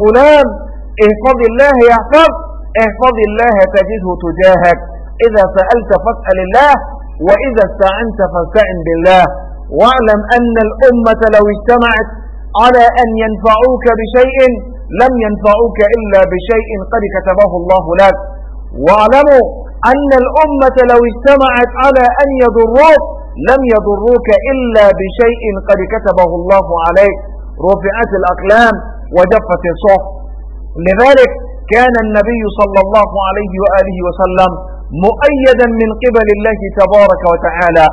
فلان احفظ الله يحفظ احفظ الله تجده تجاهك إذا سألت فاسأل الله وإذا استعنت فاستعن بالله واعلم أن الأمة لو اجتمعت على أن ينفعوك بشيء لم ينفعوك إلا بشيء قد كتبه الله لك واعلموا أن الأمة لو اجتمعت على أن يضروك لم يضروك إلا بشيء قد كتبه الله عليك رفعت الأقلام وجفت الصحف لذلك كان النبي صلى الله عليه وآله وسلم مؤيدا من قبل الله تبارك وتعالى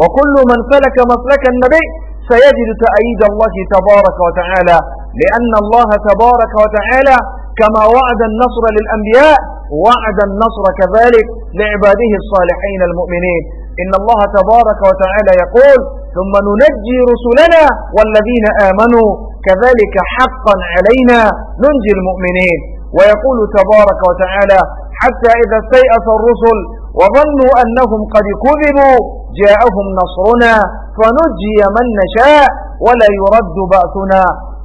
وكل من سلك مسلك النبي سيجد تأييد الله تبارك وتعالى لأن الله تبارك وتعالى كما وعد النصر للأنبياء وعد النصر كذلك لعباده الصالحين المؤمنين إن الله تبارك وتعالى يقول ثم ننجي رسلنا والذين آمنوا كذلك حقا علينا ننجي المؤمنين ويقول تبارك وتعالى حتى إذا استيأس الرسل وظنوا أنهم قد كذبوا جاءهم نصرنا فنجي من نشاء ولا يرد بأسنا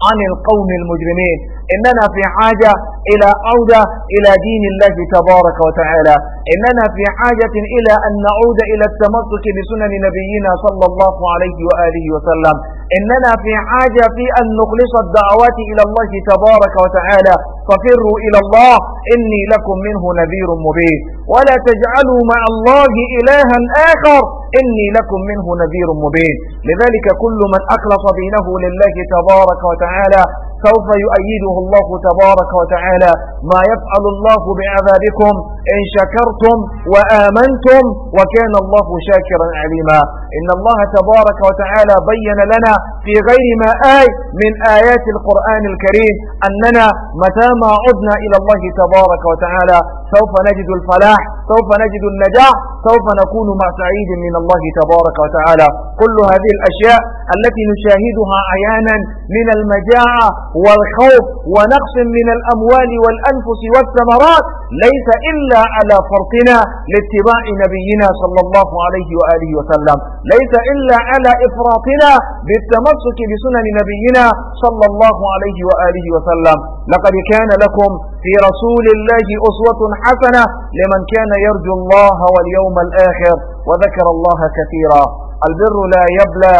عن القوم المجرمين إننا في حاجة إلى عودة إلى دين الله تبارك وتعالى إننا في حاجة إلى أن نعود إلى التمسك بسنن نبينا صلى الله عليه وآله وسلم إننا في حاجة في أن نخلص الدعوات إلى الله تبارك وتعالى ففروا إلى الله إني لكم منه نذير مبين ولا تجعلوا مع الله إلها آخر إني لكم منه نذير مبين لذلك كل من أخلص دينه لله تبارك وتعالى سوف يؤيده الله تبارك وتعالى ما يفعل الله بعذابكم إن شكرتم وآمنتم وكان الله شاكرا عليما إن الله تبارك وتعالى بين لنا في غير ما آي من آيات القرآن الكريم أننا متى ما عدنا إلى الله تبارك وتعالى سوف نجد الفلاح سوف نجد النجاح سوف نكون مع سعيد من الله تبارك وتعالى كل هذه الأشياء التي نشاهدها عيانا من المجاعة والخوف ونقص من الأموال والأنفس والثمرات ليس إلا على فرطنا لاتباع نبينا صلى الله عليه وآله وسلم ليس إلا على إفراطنا بالتمسك بسنن نبينا صلى الله عليه وآله وسلم لقد كان لكم في رسول الله أسوة حسنة لمن كان يرجو الله واليوم الآخر وذكر الله كثيرا البر لا يبلى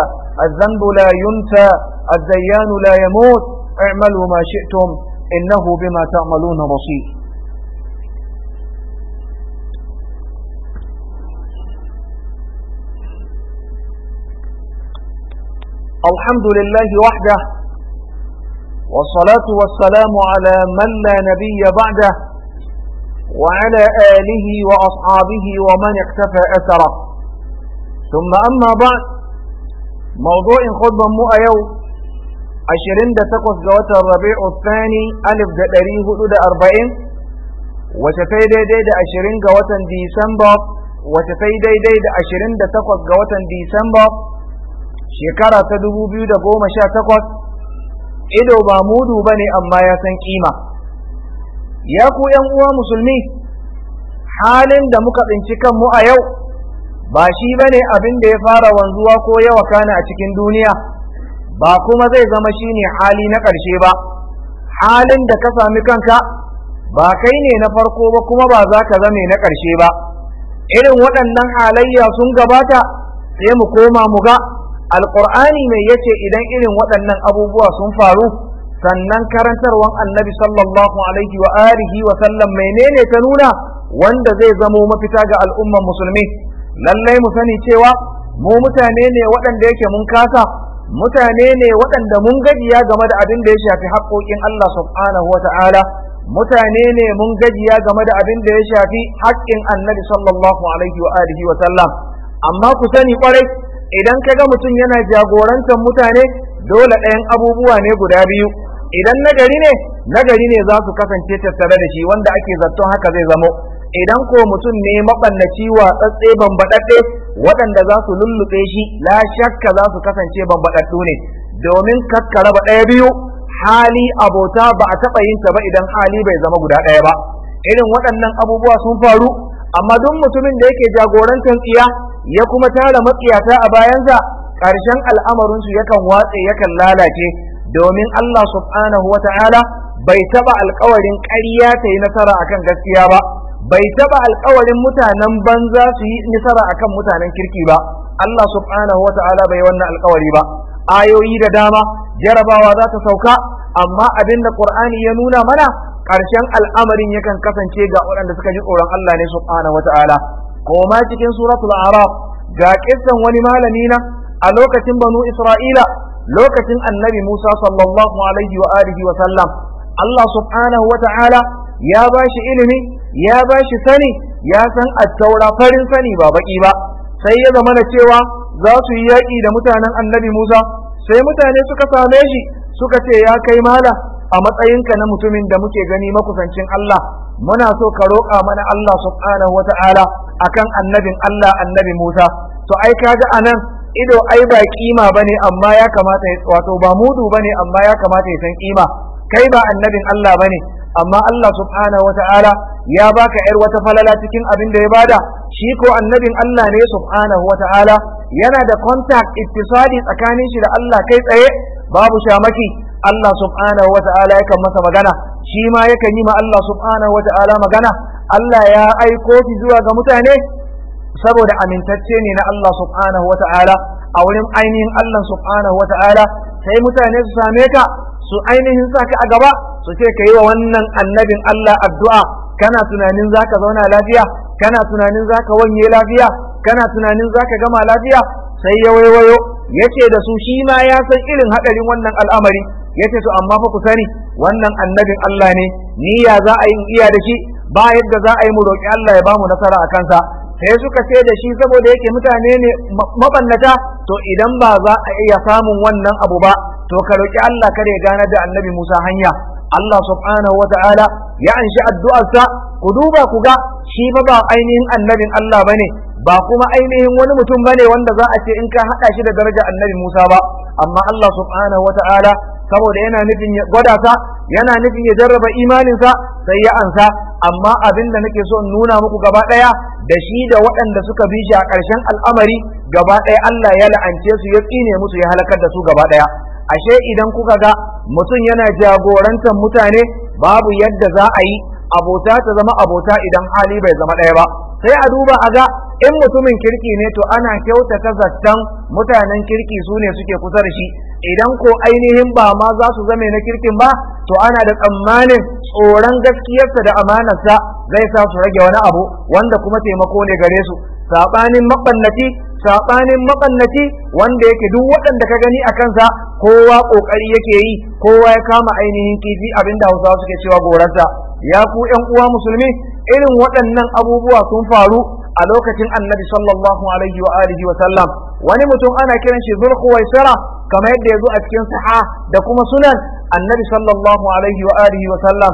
الذنب لا ينسى الديان لا يموت اعملوا ما شئتم إنه بما تعملون بصير الحمد لله وحده والصلاة والسلام على من لا نبي بعده وعلى آله وأصحابه ومن اقتفى أثره ثم أما بعد موضوع خطبة مؤى يوم عشرين دتقص جوات الربيع الثاني ألف دقريه دا أربعين وتفي ديد عشرين جوات ديسمبر وتفي دي عشرين دتقص جوات ديسمبر shekara ta dubu biyu da goma sha takwas. ido ba mudu ba ne amma ya san kima ya ku yan uwa musulmi halin da muka tsinci kanmu a yau ba shi ba ne abin da ya fara wanzuwa ko yawa kana a cikin duniya ba kuma zai zama shi ne hali na ƙarshe ba halin da ka sami kanka ba kai ne na farko ba kuma ba za ka zame na ƙarshe ba irin waɗannan halayya sun gabata sai mu koma mu ga Alƙur'ani mai yace idan irin waɗannan abubuwa sun faru sannan karantarwan annabi sallallahu alaihi wa alihi wa sallam menene ta nuna wanda zai zamo mafita ga al'umman musulmi lallai mu sani cewa mu mutane ne waɗanda yake mun kasa mutane ne waɗanda mun gajiya game da abin da ya shafi haƙoƙin Allah subhanahu wata'ala mutane ne mun gajiya game da abin da ya shafi haƙƙin annabi sallallahu alaihi wa alihi wa sallam amma ku sani ƙwarai idan ka ga mutum yana jagorantar mutane dole ɗayan abubuwa ne guda biyu idan nagari ne nagari ne za su kasance tattare da shi wanda ake zaton haka zai zamo idan ko mutum ne maɓannaci wa tsatse bambaɗaɗɗe waɗanda za su lullube shi la shakka za su kasance bambaɗaɗɗu ne domin kakkara ba ɗaya biyu hali abota ba a taɓa yin ta ba idan hali bai zama guda ɗaya ba irin waɗannan abubuwa sun faru amma duk mutumin da yake jagorantar tsiya ya kuma tara matsiyata a bayansa ƙarshen al'amarinsu yakan watse yakan lalace domin Allah subhanahu wata'ala bai taɓa alƙawarin ƙarya ta yi nasara akan gaskiya ba bai taɓa alƙawarin mutanen banza su yi nasara akan mutanen kirki ba Allah subhanahu wata'ala bai wannan alƙawari ba ayoyi da dama jarabawa za ta sauka amma abin da Qur'ani ya nuna mana ƙarshen al'amarin yakan kasance ga waɗanda suka ji tsoron Allah ne subhanahu wata'ala wa cikin suratul araf ga kissan wani malami na a lokacin banu isra'ila lokacin annabi musa sallallahu Allah subhanahu wa ta'ala ya bashi ilimi ya bashi sani ya san attaura farin sani ba baki ba sai ya zama da cewa za su yi yaƙi da mutanen annabi musa sai mutane suka same shi suka ce ya kai mala a matsayinka na mutumin da muke gani makusancin Allah muna so ka roƙa mana Allah subhanahu wa ta'ala akan annabin Allah annabi Musa to ai kaga anan ido ai ba kima bane amma ya kamata ya wato ba mudu bane amma ya kamata ya san kima kai ba annabin Allah bane amma Allah subhanahu wata'ala ya baka yar wata falala cikin abin da ya bada shi ko annabin Allah ne subhanahu wata'ala yana da contact ittisali tsakanin shi da Allah kai tsaye babu shamaki Allah subhanahu wata'ala yakan masa magana shi ma yakan yi ma Allah subhanahu wata'ala magana Allah ya aiko shi zuwa ga mutane saboda amintacce ne na Allah subhanahu wa ta'ala a wurin ainihin Allah subhanahu wa ta'ala sai mutane su same ka su ainihin sa ka a gaba su ce ka yi wa wannan annabin Allah addu'a kana tunanin za ka zauna lafiya kana tunanin za ka wanye lafiya kana tunanin za ka gama lafiya sai ya waiwayo ya ce da su shi ma ya san irin haɗarin wannan al'amari ya ce su amma fa ku sani wannan annabin Allah ne ni ya za a yi iya da shi ba yadda za a yi mu roƙi Allah ya bamu nasara a kansa sai suka ce da shi saboda yake mutane ne mabannata to idan ba za a iya samun wannan abu ba to ka roƙi Allah kare gane da annabi Musa hanya Allah subhanahu wa ta'ala ya anshi addu'arsa ku duba ku ga shi ba ba ainihin annabin Allah bane ba kuma ainihin wani mutum bane wanda za a ce in ka hada shi da daraja annabi Musa ba amma Allah subhanahu wa ta'ala saboda yana nufin ya gwada sa yana nufin ya jarraba imaninsa sai ya ansa amma abin da nake so nuna muku gaba ɗaya da shi da waɗanda suka bi shi a ƙarshen al'amari gaba ɗaya Allah ya la'ance su ya tsine musu ya halakar da su gaba ɗaya ashe idan kuka ga mutum yana jagorantar mutane babu yadda za a yi abota ta zama abota idan hali bai zama ɗaya ba sai a duba a ga in mutumin kirki ne to ana kyautata zaton mutanen kirki su ne suke kusa da shi idan ko ainihin ba ma za su zame na kirkin ba to ana da tsammanin tsoron gaskiyarsa da amanarsa zai sa su rage wani abu wanda kuma taimako ne gare su saɓanin maɓannati saɓanin maɓannati wanda yake duk waɗanda ka gani a kansa kowa ƙoƙari yake yi kowa ya kama ainihin kifi da hausawa suke cewa gorarsa ya ku 'yan uwa musulmi irin waɗannan abubuwa sun faru a lokacin annabi sallallahu alaihi wa alihi wa sallam wani mutum ana kiran shi zul waisara kamar yadda yazo a cikin saha da kuma sunan annabi sallallahu alaihi wa alihi wa sallam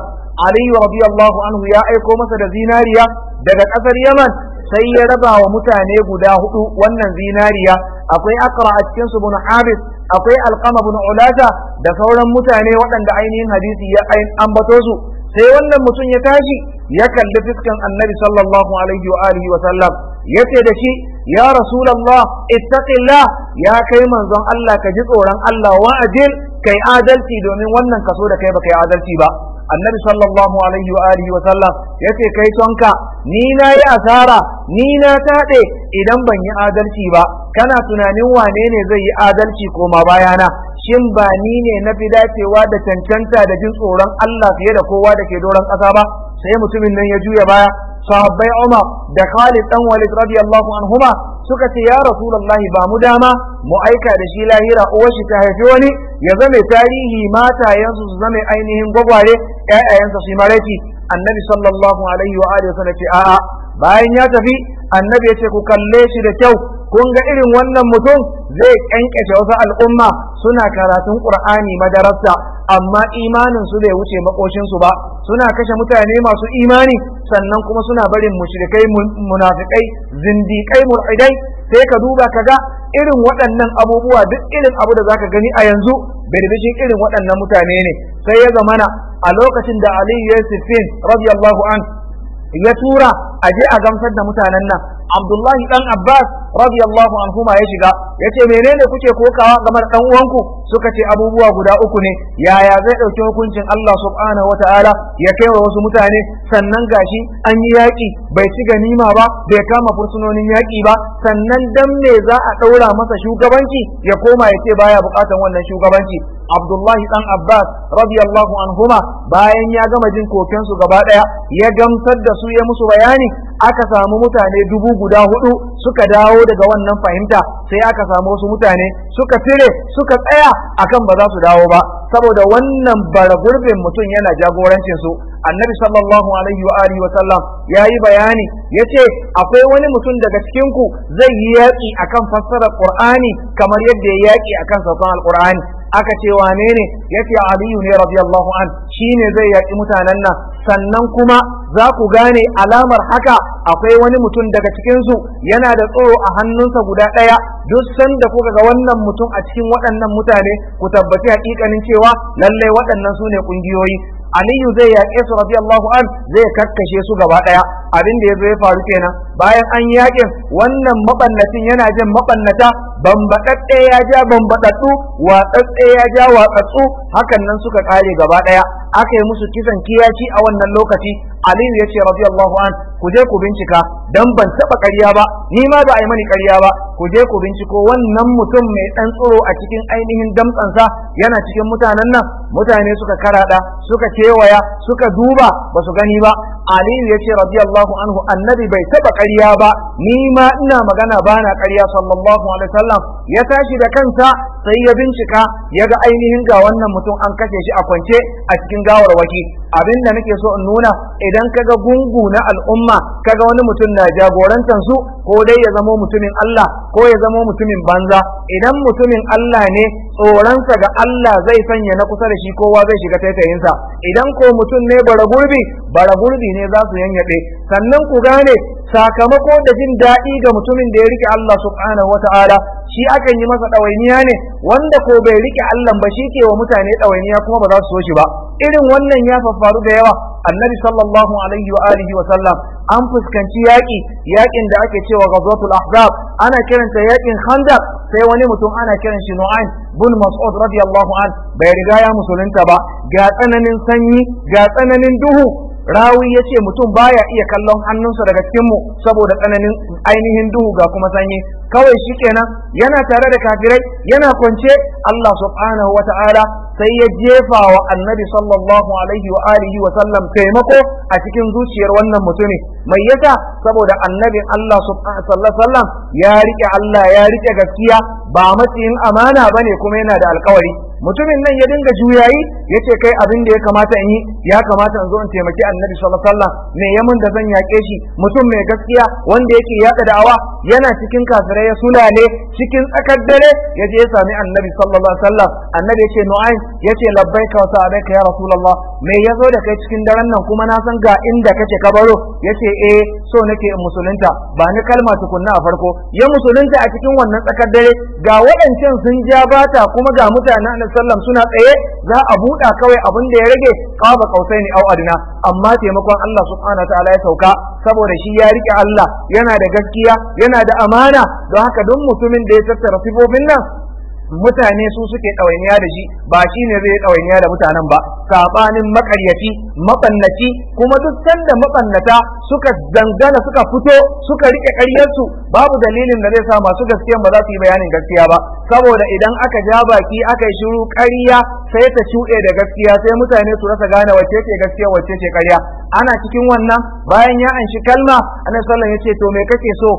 ali radiyallahu anhu ya aiko masa da zinariya daga kasar yaman sai ya raba wa mutane guda hudu wannan zinariya akwai akra a cikin su bin habis akwai alqama bin ulata da sauran mutane waɗanda ainihin hadisi ya ambato su sai wannan mutum ya tashi ya kalli fiskan annabi sallallahu alaihi wa alihi wa sallam yace da shi ya rasulullah ittaqillah ya kai manzon Allah ka ji tsoron Allah wa ajil kai adalci domin wannan kaso da kai baka yi adalci ba annabi sallallahu alaihi wa alihi wa sallam yace kai sonka ni na yi asara ni na taɗe idan ban yi adalci ba kana tunanin wane ne zai yi adalci koma bayana shin ba ni ne na fi dacewa da cancanta da jin tsoron Allah fiye da kowa da ke doron ƙasa ba sai mutumin nan ya juya baya sahabbai Umar da Khalid dan Walid radiyallahu anhuma suka ce ya Rasulullah ba mu dama mu aika da shi lahira shi ta haifi wani ya zame tarihi matayensu su zame ainihin gwagware ƴaƴayensa su maraici annabi sallallahu alaihi wa alihi ce a'a bayan ya tafi annabi ya ce ku kalle shi da kyau kun ga irin wannan mutum zai ƙyanƙyashe wasu al'umma suna karatun ƙur'ani madarasa amma imanin su bai wuce maƙoshinsu ba suna kashe mutane masu imani sannan kuma suna barin mushrikai munafikai zindiƙai mur'idai sai ka duba ka ga irin waɗannan abubuwa duk irin abu da zaka gani a yanzu birbishin irin waɗannan mutane ne sai ya zamana a lokacin da Ali Yusufin radiyallahu an ya tura Aje a gamsar da mutanen nan abdullahi dan abbas radiyallahu anhu ya shiga ya ce menene kuke kokawa game da dan uwanku suka ce abubuwa guda uku ne yaya zai dauki hukuncin Allah subhanahu wataala ya kai wa wasu mutane sannan gashi an yi yaki bai ci ganima ba bai kama fursunonin yaki ba sannan dan me za a daura masa shugabanci ya koma ya ce baya bukatan wannan shugabanci abdullahi dan abbas radiyallahu anhuma bayan ya gama jin kokensu gaba daya ya gamsar da su ya musu bayani ne aka samu mutane dubu guda hudu suka dawo daga wannan fahimta sai aka samu wasu mutane suka tire suka tsaya akan ba za su dawo ba saboda wannan bara mutum yana jagorancin su annabi sallallahu alaihi wa alihi wa sallam yayi bayani yace akwai wani mutum daga cikin ku zai yi yaki akan fassarar qur'ani kamar yadda ya yaki akan saukan alqur'ani aka ce wane ne yace aliyu ne radiyallahu an shine zai yaki mutanen nan sannan kuma za ku gane alamar haka akwai wani mutum daga cikinsu yana da tsoro a hannunsa guda ɗaya duk sanda kuka ga wannan mutum a cikin waɗannan mutane ku tabbaci hakikanin cewa lallai waɗannan su ne ƙungiyoyi aliyu zai yaƙe su radiyallahu an zai kakkashe su gaba ɗaya abin da ya zo ya faru kenan bayan an yakin wannan maɓannatin yana jin maɓannata bambaɗaɗɗe ya ja bambaɗaɗɗu watsaɗɗe ya ja watsatsu hakan nan suka ƙare gaba ɗaya aka yi musu kisan kiyaci a wannan lokaci aliyu ya ce radiyallahu an ku je ku bincika dan ban taɓa ƙarya ba ni ma ba a yi mani ƙarya ba ku je ku binciko wannan mutum mai ɗan tsoro a cikin ainihin damtsansa yana cikin mutanen nan mutane suka karaɗa suka kewaya suka duba ba su gani ba aliyu ya ce radiyallahu anhu annabi bai taba ƙarya ba ni ma ina magana ba na ƙarya sallallahu alaihi wasallam ya tashi da kansa sai ya bincika ya ga ainihin ga wannan mutum an kashe shi a kwance a cikin gawar waki. abin da nake so in nuna idan kaga gungu na al'umma kaga wani mutum na jagorantar su ko dai ya zamo mutumin Allah ko ya zamo mutumin banza idan mutumin Allah ne tsoronsa ga Allah zai sanya na kusa da shi kowa zai shiga taitayinsa idan ko mutum ne bara gurbi bara gurbi ne za su yanyaɗe sannan ku gane sakamako da jin daɗi ga mutumin da ya rike Allah subhanahu wata'ala shi akan yi masa ɗawainiya ne wanda ko bai rike Allah ba shi ke wa mutane ɗawainiya kuma ba za su so shi ba irin wannan ya faru da yawa annabi sallallahu alaihi wa alihi wa sallam an fuskanci yaƙi yaƙin da ake cewa ghazwatul ahzab ana kiranta yaƙin khandaq sai wani mutum ana kiran shi nu'ayn bin mas'ud radiyallahu an bai riga ya musulunta ba ga tsananin sanyi ga tsananin duhu rawi ya ce mutum baya iya kallon hannunsa daga cikinmu saboda tsananin ainihin duhu ga kuma sanyi kawai shi kenan yana tare da kafirai yana kwance Allah subhanahu wa ta'ala sai ya jefa wa annabi sallallahu alaihi wa alihi wa sallam taimako a cikin zuciyar wannan mutumi mai yasa saboda annabi Allah subhanahu wa sallam ya rike Allah ya rike gaskiya ba matsayin amana bane kuma yana da alkawari mutumin nan ya dinga juyayi ya ce kai abin da ya kamata in yi ya kamata in zo in taimaki annabi sallallahu alaihi wasallam me ya mun da zan yaƙe shi mutum mai gaskiya wanda yake yaɗa da'awa yana cikin kafirai ya sulale cikin tsakar dare ya je ya sami annabi sallallahu alaihi wasallam annabi ya ce nu'ayn ya ce labbaika wa sa'adaika ya rasulullah me ya zo da kai cikin daren nan kuma na san ga inda kake ka baro ya ce eh so nake in musulunta ba ni kalma tukunna a farko ya musulunta a cikin wannan tsakar dare ga waɗancan sun ja bata kuma ga mutanen sallam suna tsaye za a buɗa kawai abin da ya rage ƙausai ne au adina amma taimakon Allah subhanahu ta'ala ya sauka saboda shi ya rike Allah yana da gaskiya yana da amana don haka duk mutumin da ya tattara sifofin nan mutane su suke ɗawainiya da shi ba shi ne zai ɗawainiya da mutanen ba saɓanin makaryaci maɓannaci kuma duk sanda maɓannata suka dangana suka fito suka riƙe ƙaryarsu babu dalilin da zai sa masu gaske ba za su yi bayanin gaskiya ba saboda idan aka ja baki aka yi shiru ƙarya sai ta shuɗe da gaskiya sai mutane su rasa gane wacce ce gaskiya wacce ce ƙarya ana cikin wannan bayan ya anshi kalma annabi sallallahu ya ce to me kake so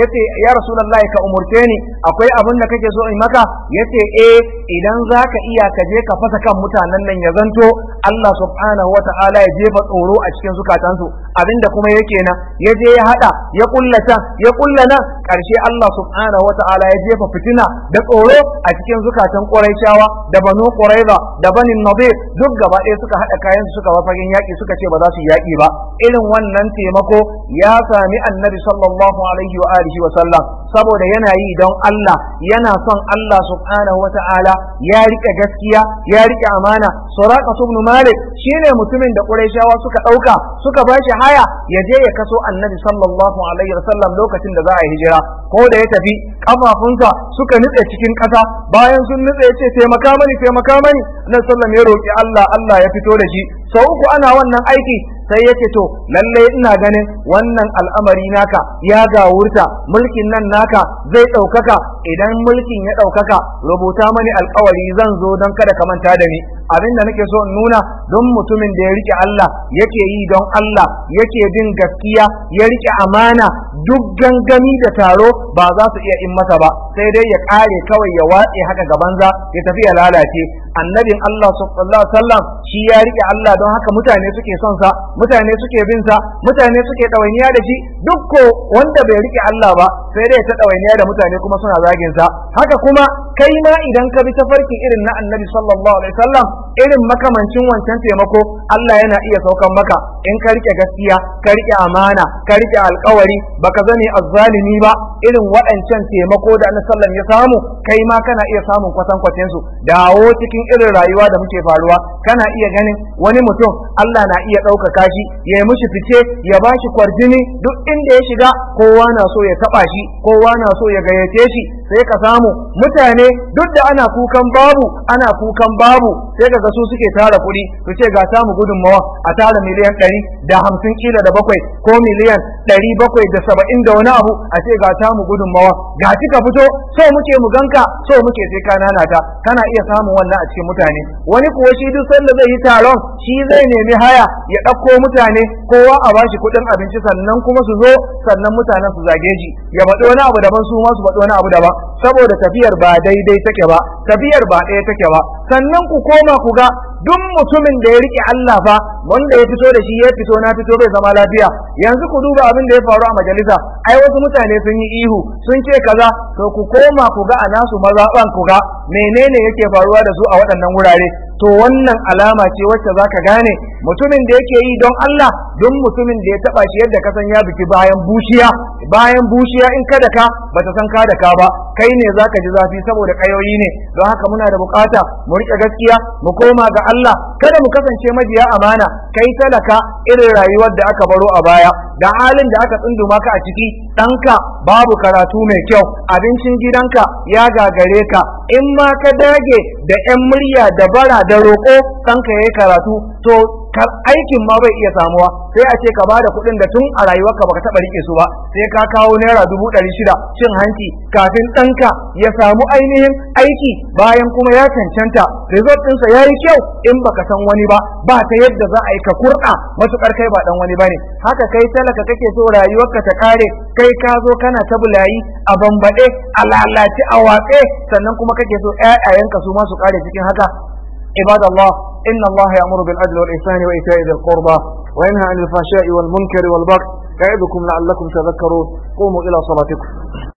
yace ya rasulullahi ka umurce ni akwai abin da kake so in maka yace eh idan zaka iya ka je ka fasa kan mutanen nan ya zanto Allah subhanahu wata'ala ya jefa tsoro a cikin zukatansu abinda kuma yake na ya je ya hada ya kullata ya kullana karshe Allah subhanahu wata'ala ya jefa fitina da tsoro a cikin zukatan Quraishawa da Banu Quraiza da Bani Nadir duk gaba ɗaya suka hada kayan suka fagen yaki suka ce ba za su yaki ba irin wannan taimako ya sami Annabi sallallahu alaihi wa alihi wa sallam saboda yana yi don Allah yana son Allah subhanahu wata'ala ya rike gaskiya ya rike amana suraka ibn Malik shine mutumin da Qurayshawa suka dauka suka ba shi haya ya je ya kaso Annabi sallallahu alaihi wasallam lokacin da za a hijira ko da ya tafi kafafunsa suka nutse cikin ƙasa bayan sun nutse ya ce taimaka mani taimaka mani Annabi sallallahu ya roki Allah Allah ya fito da shi sau uku ana wannan aiki sai yake to lallai ina ganin wannan al'amari naka ya gawurta mulkin nan naka zai ɗaukaka idan mulkin ya ɗaukaka rubuta mani alkawari zan zo don kada ka manta da ni abin da nake so in nuna don mutumin da ya rike Allah yake yi don Allah yake bin gaskiya ya rike amana duk gangami da taro ba za su iya in masa ba sai dai ya kare kawai ya watse haka gaban za ya tafi ya lalace annabin Allah sallallahu alaihi wasallam shi ya rike Allah don haka mutane suke son sa mutane suke bin sa mutane suke dawainiya da shi duk ko wanda bai rike Allah ba sai dai ta dawainiya da mutane kuma suna zagin sa haka kuma kai ma idan ka bi tafarki irin na annabi sallallahu alaihi wasallam irin makamancin wancan taimako Allah yana iya saukan maka in ka rike gaskiya ka rike amana ka rike alkawari ka zane azzalimi ba irin waɗancan taimako da annabi sallallahu ya samu kai ma kana iya samun kwatan kwatin su dawo cikin irin rayuwa da muke faruwa kana iya ganin wani mutum Allah na iya ɗaukaka shi ya yi mishi fice ya ba shi kwarjini duk inda ya shiga kowa na so ya taɓa shi kowa na so ya gayyace shi sai ka samu mutane duk da ana kukan babu ana kukan babu sai daga su suke tara kuɗi su ce ga samu gudunmawa a tara miliyan ɗari da hamsin kila da bakwai ko miliyan ɗari bakwai da saba'in da wani abu a ce ga samu gudunmawa ga kika fito so muke mu ganka so muke sai ka nanata kana iya samun wannan a cikin mutane wani kuwa shi duk sanda zai yi taron shi zai nemi haya ya ɗauko mutane kowa a bashi kuɗin abinci sannan kuma su zo sannan mutanen su zage ji ya faɗi wani abu daban su ma su faɗi wani abu daban saboda tafiyar ba daidai take ba tafiyar ba ɗaya take ba sannan ku koma ku ga duk mutumin da ya rike Allah fa wanda ya fito da shi ya fito na fito bai zama lafiya yanzu ku duba abin da ya faru a majalisa ai wasu mutane sun yi ihu sun ce kaza to ku koma ku ga a nasu mazaban ku ga menene yake faruwa da su a waɗannan wurare to wannan alama ce wacce za ka gane mutumin da yake yi don Allah don mutumin da ya taba shi yadda ka san ya biki bayan bushiya bayan bushiya in kada ka ta san ka da ka ba kai ne za ka ji zafi saboda kayoyi ne don haka muna da bukata mu rike gaskiya mu koma ga Allah kada mu kasance majiya amana kai talaka irin rayuwar da aka baro a baya da halin da aka tsunduma ka a ciki ɗanka babu karatu mai kyau abincin gidanka ya gagare ka in ma ka dage da 'yan murya da bara da roƙo kanka ya karatu to aikin ma bai iya samuwa sai a ce ka bada kuɗin da tun a rayuwar rayuwarka baka taɓa rike su ba sai ka kawo naira dubu ɗari shida cin hanci kafin ɗanka ya samu ainihin aiki bayan kuma ya cancanta result ɗinsa ya yi kyau in baka san wani ba ba ta yadda za a yi ka kur'a matuƙar kai ba ɗan wani ba ne haka kai talaka kake so rayuwar ka ta ƙare kai ka zo kana ta bulayi a bambaɗe a lalace a watse sannan kuma kake so ƴaƴayenka su ma su ƙare cikin haka ibadallah إن الله يأمر بالعدل والإحسان وإيتاء ذي القربى وينهى عن الفحشاء والمنكر والبغي يعظكم لعلكم تذكرون قوموا إلى صلاتكم